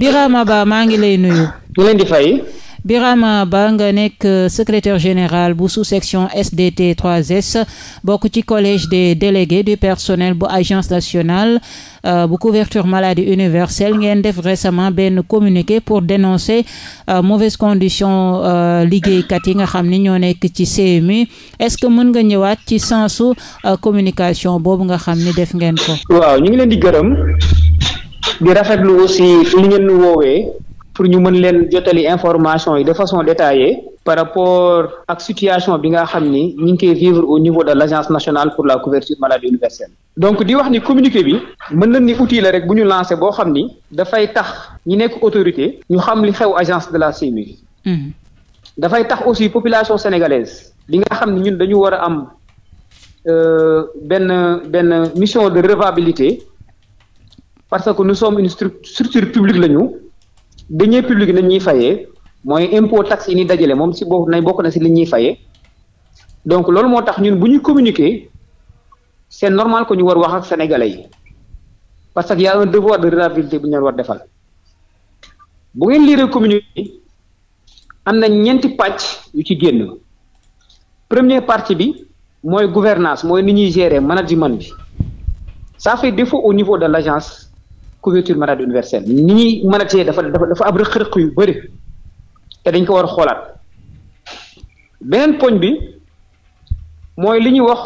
Birama Ba maa ngi lay nuyu. ñu leen di fay. Birama Ba nga nekk euh, secretaire général bu sous-section SDT trois s bokk ci collège des délégué du personnel bu agence nationale euh, bu couverture maladie universelle ngeen def récemment benn communiqué pour dénoncer euh, mauvaise condition liggéeykat yi nga xam ni ñoo nekk ci CMU est-ce que mën nga ñëwaat ci sensu communication boobu nga xam ni def ngeen ko. waaw ñu ngi leen di gërëm. di rafetlu aussi li ngeen nu woowee pour ñu mën leen jotali information yi de façon détaillée par rapport ak situation bi nga xam ni ñu ngi koy vivre au niveau de l' agence nationale pour la couverture maladie universelle. donc di wax ni communiqué bi mën na ni outil la rek bu ñu lancé boo xam ni dafay tax ñi nekk autorité ñu xam li xew agence de la CMU. Mm-hmm. dafay tax aussi population sénégalaise bi nga xam ni ñun dañu war am euh, benn benn mission de redevabilité parce que nous sommes une structure publique la ñu dañuy publique nañ ñuy fayee mooy impôt taxe yi ñuy dajale moom si bokk nañ bokk na si li ñuy fayee donc loolu moo tax ñun bu ñuy communiquer c'est normal ko ñu war wax ak sénégalais yi parce que y a un devoir de redevabilité bu ñu leen war defal bu ngeen liiree communiqué am na ñeenti pàcc yu ci génn première partie bi mooy gouvernance mooy ni ñuy gérer management bi ça fait défaut au niveau de l'agence couverture maladie universelle ni ñuy mën a téye dafa dafa dafa ab rëq-rëq yu bëri te dañ ko war a xoolaat beneen poñ bi mooy li ñuy wax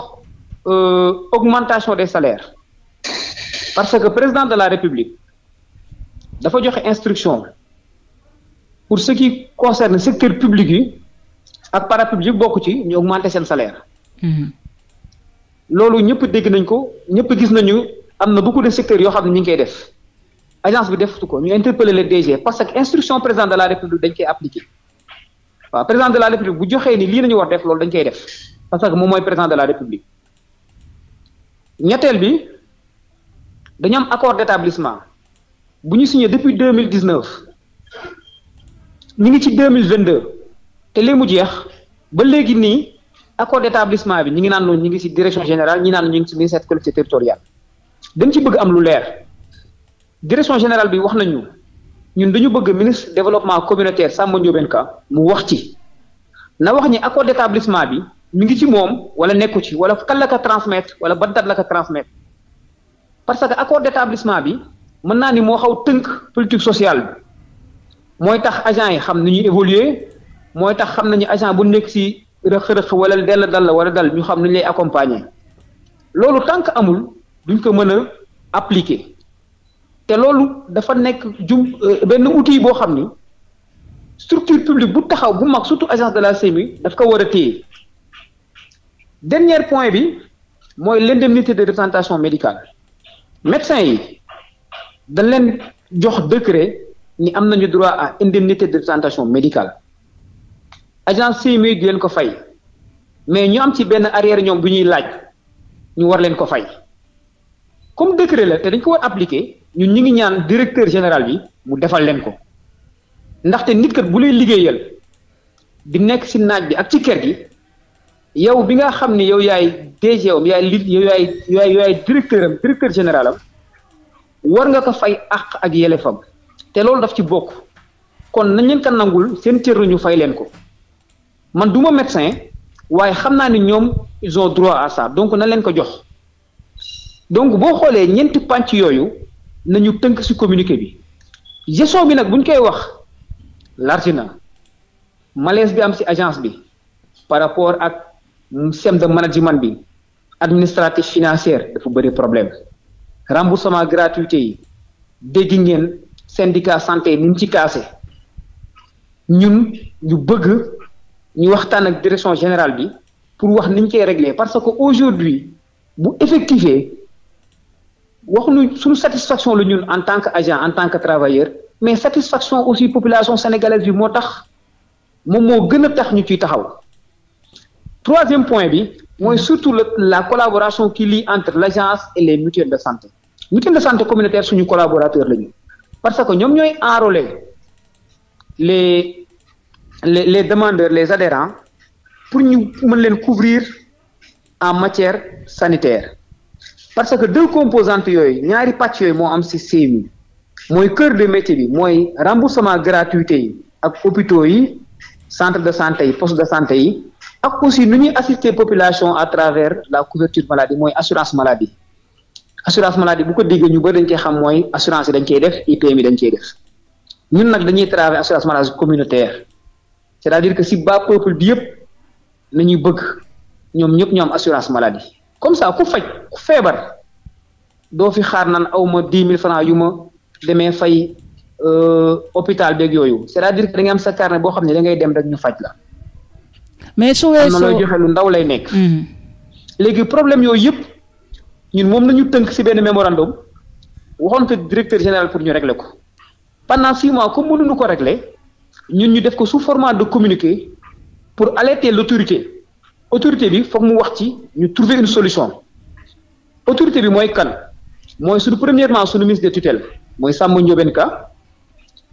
euh, augmentation des salaire parce que président de la république dafa joxe instruction pour ce qui concerne secteur public yi ak parapublic bokk ci ñu augmenter seen salaire mm-hmm. loolu ñëpp dégg nañ ko ñëpp gis nañu am na beaucoup de secteurs yoo xam ne ñu ngi koy def agence bi deftu ko ñu interpeller le DG parce que instruction président de la république dañ koy appliquer waaw président de la république bu joxee ni lii nañu war def loolu dañ koy def parce que moom mooy président de la république ñetteel bi dañu am accord d'établissement bu ñu signé depuis deux mille dix neuf ñu ngi ci deux mille vingt deux te léegi mu jeex ba léegi nii accord d'établissement bi ñu ngi naan ñu ngi ci direction générale ñi naan ñu ngi ci ministère de collectivité territoriale dañ ci bëgg am lu leer. direction général bi wax nañu ñun dañu bëgg ministre développement communautaire Samba Ndiobène Ka mu wax ci na wax ñi accord d'établissement bi mi ngi ci moom wala nekku ci wala kan la ko transmettre wala ban date la ko parce que accord d'établissement bi mën naa ni moo xaw tënk politique sociale bi mooy tax agent yi xam ni ñuy évoluer mooy tax xam nañu agent bu nekk ci rëq-rëq wala dell dal la wala dal ñu xam ni ñu lay accompagner loolu tant que amul duñ ko mën a appliquer te loolu dafa nekk jum euh, benn outil boo xam ni structure publique bu taxaw bu mag surtout agence de la CMU daf ko war a téye dernier point bi mooy l'indemnité de représentation médicale médecins yi dañ leen jox décret ni am nañu droit à indemnité de représentation médicale agence CMU di leen ko fay mais ñu am ci benn arrière ñoom bu ñuy laaj ñu war leen ko fay comme décret la te dañ ko war appliquer ñun ñu ngi ñaan directeur général bi mu defal leen ko ndaxte nit kat bu lay liggéeyal di nekk ci naaj bi ak ci kër gi yow bi nga xam ne yow yaay DG am yaay li yow yaay yaay yaay directeur am directeur général war nga ko fay àq ak yelefam te loolu daf ci bokk kon nañ leen ko nangul seen cër ñu fay leen ko man duma ma médecin waaye xam naa ni ñoom ils droit à ça donc na leen ko jox donc boo xoolee ñeenti pànc yooyu. nañu tënk ci communiqué bi gestion bi nag buñ koy wax large na malaise bi am ci agence bi par rapport ak système de management bi administratif financière dafa bëri problème remboursement gratuité yi dégg ngeen syndicat santé ni mu ci kaase ñun ñu bëgg ñu waxtaan ak direction général bi pour wax ni ñu koy régler parce que aujourd'hui bu effectifié waxuñu suñu satisfaction la ñun en tant que agent en tant que travailleur mais satisfaction aussi population sénégalaise bi moo tax moom moo gën a tax ñu ci taxaw troisième point bi mooy surtout la la collaboration ki lii entre l' agence et les mutuelles de santé mutuelle de santé communautaire suñu collaborateur la parce que ñoom ñooy enrôler les les les demandeurs les adhérents pour ñu mën leen couvrir en matière sanitaire parce que deux composantes yooyu ñaari pàcc yooyu moo am si CMU mooy kër de métier bi mooy remboursement gratuité yi ak hôpitaux yi centre de santé yi poste de santé yi ak aussi nu ñuy assister population à travers la couverture maladie mooy assurance maladie assurance maladie bu ko déggee ñu bëri dañ cee xam mooy assurance yi dañ cey def i yi dañ cey def ñun nag dañuy travailler assurance maladie communautaire c'est-à-dire que si bas peuple bi yëpp nañuy bëgg ñoom ñëpp ñoo am assurance maladie comme ça ku faj ku feebar doo fi xaar naan aw ma dix mille francs yu ma demee fay euh, hôpital beeg yooyu c'est-à-dire que da nga am sa carnet boo xam ne da ngay dem rek ñu faj la. mais su weesoo am na looy joxe lu ndaw lay nekk. Mm-hmm. léegi problème yooyu yëpp ñun moom la ñu tënk ci benn mémorandum waxoon ko directeur général pour ñu régler ko pendant six mois comme mënuñu ko régler ñun ñu def ko su format de communiqué pour alerter l'autorité autorité bi foog mu wax ci ñu trouver une solution autorité bi mooy kan mooy suñu premièrement suñu ministre de tutele mooy Samba Ndiobène Ka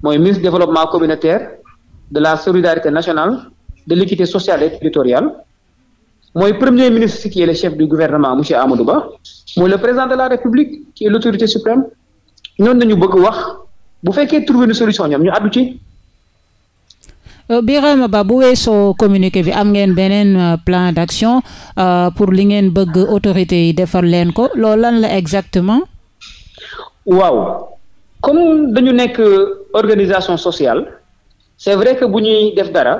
mooy ministre développement communautaire de la solidarité nationale de l'équité sociale et territoriale mooy premier ministre qui est le chef du gouvernement monsieur Amadou Ba mooy le président de la République qui l'autorité suprême ñoon na ñu bëgg wax bu fekkee trouver une solution ñoom ñu àddu ci Euh, Birame Ba bu weesoo communiqué bi am ngeen beneen euh, plan d'action euh, pour li ngeen bëgg autorité yi defar leen ko loolu lan la exactement waaw comme dañu nekk organisation sociale c'est vrai que bu ñuy def dara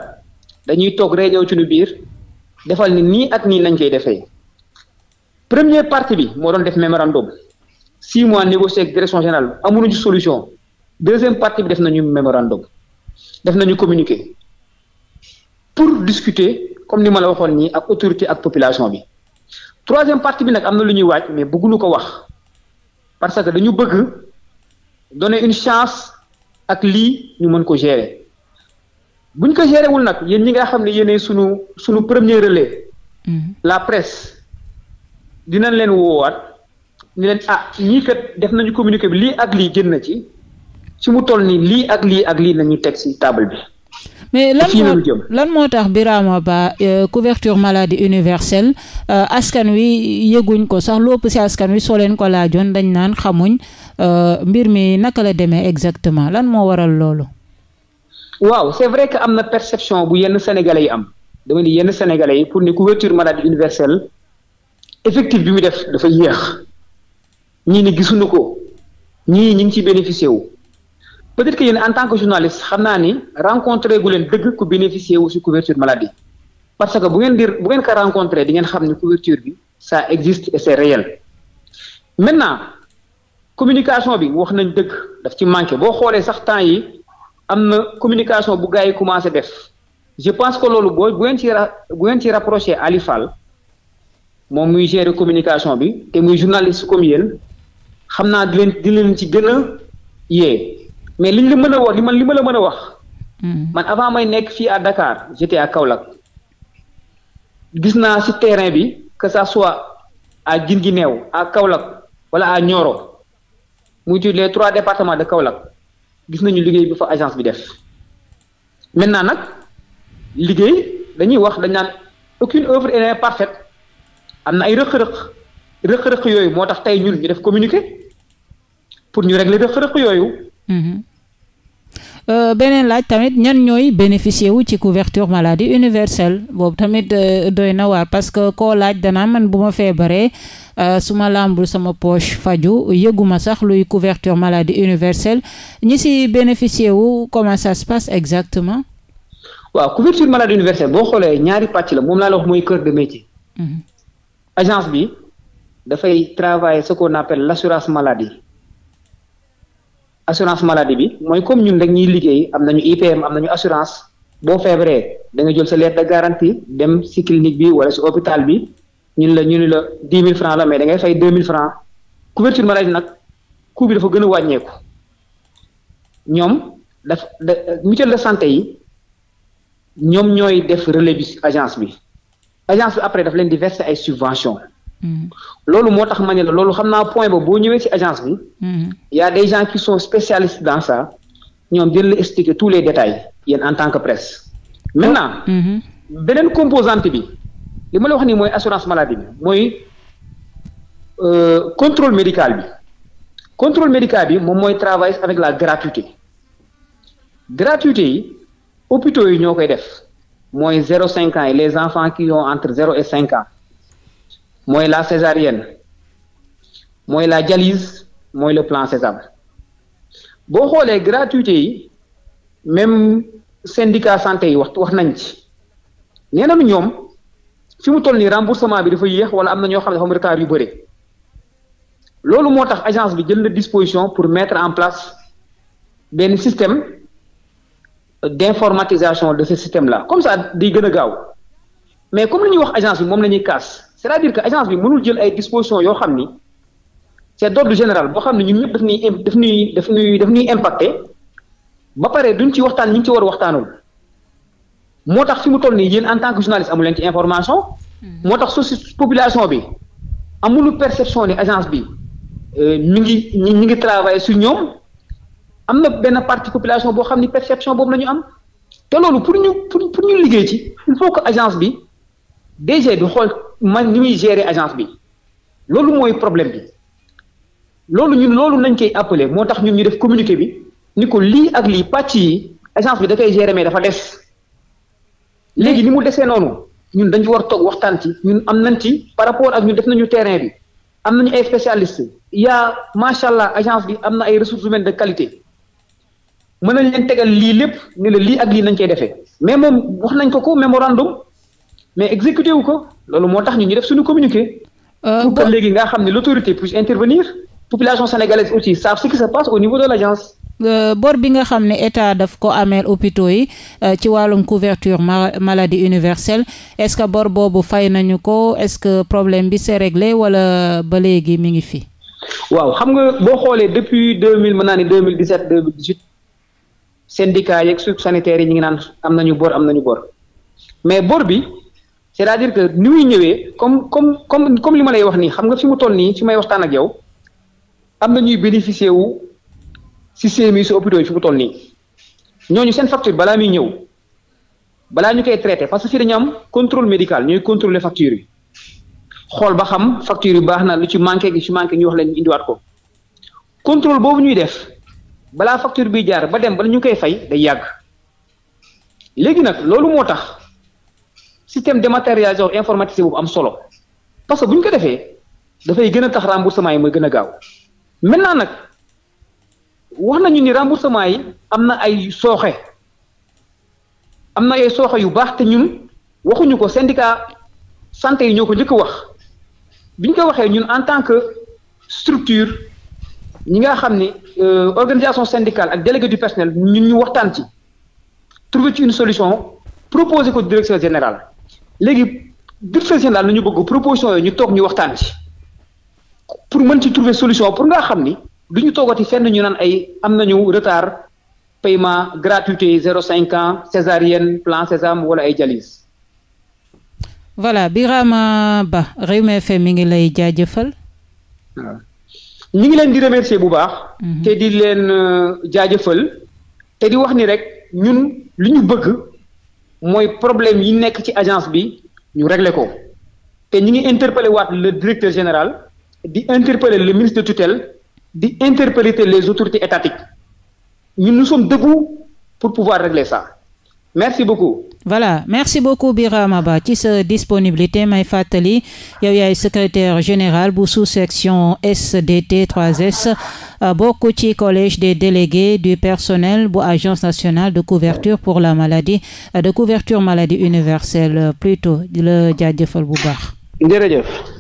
dañuy toog réunion ci nu biir defal ni nii ak nii nañ koy defee premier parti bi moo doon def mémorandum six mois négocié ak direction générale amuñu solution deuxième parti bi def nañu mémorandum def nañu communiqué pour discuter comme ni ma la waxoon nii ak autorité ak population bi troisième partie bi nag am na lu ñuy waaj mais bëgguñu ko wax parce que dañu bëgg donner une chance ak lii ñu mën ko gérer buñ ko gérer nag yéen ñi nga xam ne yéenay sunu sunu premier relais. Mm-hmm. la presse dinañ leen woowaat ñu leen ah ñii kat def nañu communiqué bi lii ak lii génn na ci su mu toll nii lii ak lii ak lii nañu teg ci table bi. mais lan moo lan moo tax Birama Ba euh, couverture maladie universelle euh, askan wi yëguñ ko sax lu ëpp si askan wi soo leen ko laajoon dañ naan xamuñ euh, mbir mi naka la demee exactement lan moo waral loolu. waaw c'est vrai que am na perception bu yenn sénégalais yi am dama ni yenn sénégalais yi pour ne couverture maladie universelle effectif bi muy def dafa yéex ñii ni gisuñu ko ñi ñi ngi ci bénéficié wu. peut-être que yéen en tant que journaliste xam naa ni rencontré gu leen dëgg ku bénéficier wu si couverture maladie parce que bu ngeen di bu ngeen ko rencontré di ngeen xam ni couverture bi ça existe et c'est réel maintenant communication bi wax nañ dëgg daf ci manqué boo xoolee sax temps yi am na communication bu gars yi commencé def je pense que loolu boo bu ngeen ci bu ngeen ci rapproché Ali moom muy gérer communication bi te muy journaliste comme yéen xam naa di leen di leen ci gën a yee mais liñ la mën a wax li man li ma la mën a wax. Hmm. man avant may nekk fii à dakaar j'étais à Kaolack gis naa ci terrain bi que ça soit à Guinguinéo à Kaolack wala à Nioro muy ci les trois départements de Kaolack gis nañu liggéey bi fa agence bi def maintenant nag liggéey dañuy wax dañ naan aucune œuvre n'est parfaite am na ay rëq-rëq rëq yooyu moo tax tey ñun ñu def communiquer pour ñu régler rëq-rëq yooyu. Hmm. Euh, beneen laaj tamit ñan ñooy bénéficier wu ci couverture maladie universelle boobu tamit euh, doy na waar parce que koo laaj danaa man bu ma feebaree euh, su ma làmbul sama poche faju yëguma sax luy couverture maladie universelle ñi si bénéficier wu comment ça se exactement. waaw couverture maladie universelle boo xoolee ñaari pàcc la moom laa la wax mooy cœur de métier. Mhm. agence bi dafay travailler ce qu'on appelle l'assurance maladie. assurance maladie bi mooy comme ñun rek ñuy liggéey am nañu IPM am nañu assurance boo feebaree da jël sa lettre de garantie dem si clinique bi wala si hôpital bi ñun la ñu ni la dix mille francs la mais da ngay fay deux mille francs couverture maladie nag coût bi dafa gën a wàññeeku ñoom daf da de santé yi ñoom ñooy def relais bi agence bi agence après daf leen di verser ay subvention loolu moo tax ma ne la loolu xam naa point ba boo ñëwee ci agence bi. Mm-hmm. y a des gens qui sont spécialistes dans ça ñoom dina la expliquer tous les détails yéen en tant que presse. maintenant. Mm-hmm. beneen composante bi li ma la wax nii mooy assurance maladie bi mooy euh, contrôle médical bi contrôle médical bi moom mooy travailler avec la gratuité gratuité yi hôpitaux yi ñoo koy def mooy zéro cinq ans les enfants qui ont entre zéro et cinq ans. mooy la césarienne mooy la dialyse mooy le plan Sésame boo xoolee gratuité yi même syndicat santé yi wax wax nañ ci nee nañu ñoom fi mu toll nii remboursement bi dafa yéex wala am na ñoo xam ne dafa am retard yu bëri loolu moo tax agence bi jël na disposition pour mettre en place benn système d'informatisation de ce système la comme ça di gën a gaaw mais comme li ñuy wax agence bi moom la ñuy kaas c'est-à-dire que agence bi mënul jël ay dispositions yoo xam ni c'est d'ordre général boo xam ne ñun ñëpp daf ñuy daf ñuy daf ñuy daf ñuy impacté ba pare duñ ci waxtaan ñu ngi ci war a waxtaanul moo tax fi mu toll nii yéen en tant que journaliste amu leen ci information. Hmm. moo tax su population bi amulu perception ni agence bi euh, mi ngi ñi ngi travailler sur ñoom am na benn partie population boo xam ni perception boobu la ñu am te loolu pour ñu pour pour ñu liggéey ci il faut que bi DG bi xool. man ni muy gérer agence bi loolu mooy problème bi loolu ñun loolu nañ koy appelé moo tax ñun ñu def communiqué bi ni ko lii ak lii pàcc yi agence bi da koy dafa des léegi ni mu desee noonu ñun dañu fi war toog waxtaan ci ñun am nañ ci par rapport ak ñun def nañu terrain bi am nañu ay spécialistes yaa macha allah agence bi am na ay ressources humaines de qualité mën nañ leen tegal lii lépp ne la lii ak lii nañ koy defee mais moom wax nañ ko ko mémorandum mais exécuté wu ko. loolu moo tax ñu ñu def suñu communiqué. Euh, pour que léegi nga xam ne l' autorité puisse intervenir. population sénégalaise aussi savent ce qui se passe au niveau de euh, bor bi nga xam ne état daf ko ameel hôpitaux yi euh, ci wàllum couverture maladie universelle est ce que bor boobu fay nañu ko est ce que problème bi c'est réglé wala ba léegi mi ngi fi. waaw xam nga boo xoolee depuis deux mille mën naa ni deux mille dix sept deux mille dix huit syndicats yi ñu ngi naan am nañu bor am nañu bor mais bor bi. c'est-à-dire que ni muy ñëwee comme comme comme comme li ma lay wax nii xam nga fi mu toll nii fi may waxtaan ak yow am na ñuy bénéficier wu si CMU si hôpitaux yi fi mu toll nii ñooñu seen facture balaa muy ñëw balaa ñu koy traité parce que fii dañu am contrôle médical ñooy contrôler facture yi xool ba xam facture yi baax na lu ci manqué gi ci manqué ñu wax leen indiwaat ko contrôle boobu ñuy def balaa facture bi jaar ba dem ba ñu koy fay day yàgg léegi nag loolu moo tax. système dématérialisation informatisé boobu am solo parce que bu ñu ko defee dafay gën a tax remboursement yi mooy gën a gaaw maintenant nag wax nañu ni remboursement yi am na ay sooxe am na ay sooxe yu baax te ñun waxuñu ko syndicat santé yi ñoo ko njëkk wax bi ñu ko waxee ñun en tant que structure ñi nga xam ne euh, organisation syndicale ak délégué du personnel ñun ñu waxtaan ci trouver ci une solution proposer ko directeur général léegi directeur général la ñu bëgg proposition yooyu ñu toog ñu waxtaan ci pour mën ci trouver solution pour nga xam ni du ñu toogati fenn ñu naan ay am nañu retard paiement gratuité zéro cinq ans césarienne plan Sésame wala ay jalis voilà Birama Ba Rewmi FM mi ngi lay jaajëfal. ñu ngi leen di remercier bu baax. Mhm. te di leen euh, jaajëfal te di wax ni rek ñun lu ñu bëgg. mooy problème yi nekk ci agence bi ñu régler ko te ñu ngi interpeller waat le directeur général di interpeller le ministre de tutelle di interpeller les autorités étatiques ñun nous sommes debout pour pouvoir régler ça merci beaucoup voilà merci beaucoup Birama Ba ci sa disponibilité may fàttali yow yaay secrétaire général bu sous-section SDT 3S euh, bokk ci collège des délégués du personnel bu agence nationale de couverture pour la maladie euh, de couverture maladie universelle euh, plutôt le jaajëfal bu baax jërëjëf